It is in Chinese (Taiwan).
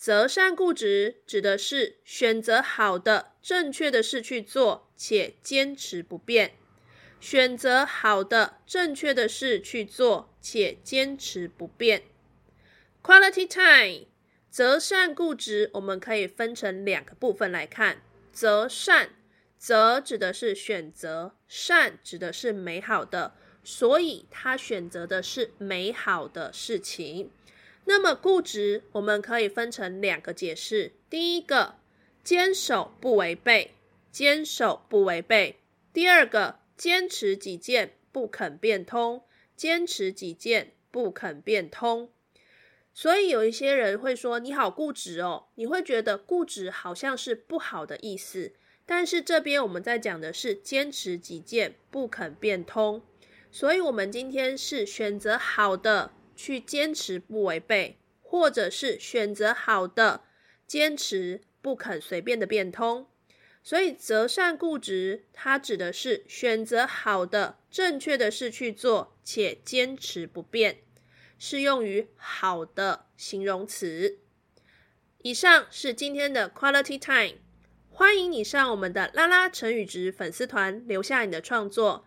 擇善固執指的是選擇好的、正確的事去做，且堅持不變。選擇好的、正確的事去做，且堅持不變。Quality time，擇善固執，我們可以分成兩個部分來看。擇善，擇指的是選擇，善指的是美好的，所以他選擇的是美好的事情。那麼固執，我們可以分成兩個解釋。第一個，堅守不違背，堅守不違背；第二個，堅持己見不肯變通，堅持己見不肯變通。所以有一些人會說：“你好固執哦！”你會覺得固執好像是不好的意思，但是這邊我們在講的是堅持己見不肯變通。所以我們今天是選擇好的。去堅持不違背，或者是選擇好的，堅持不肯隨便的變通。所以擇善固執，它指的是選擇好的、正確的事去做，且堅持不變，適用於好的形容詞。以上是今天的 Quality Time，歡迎你上我們的拉拉成語質粉絲團，留下你的創作。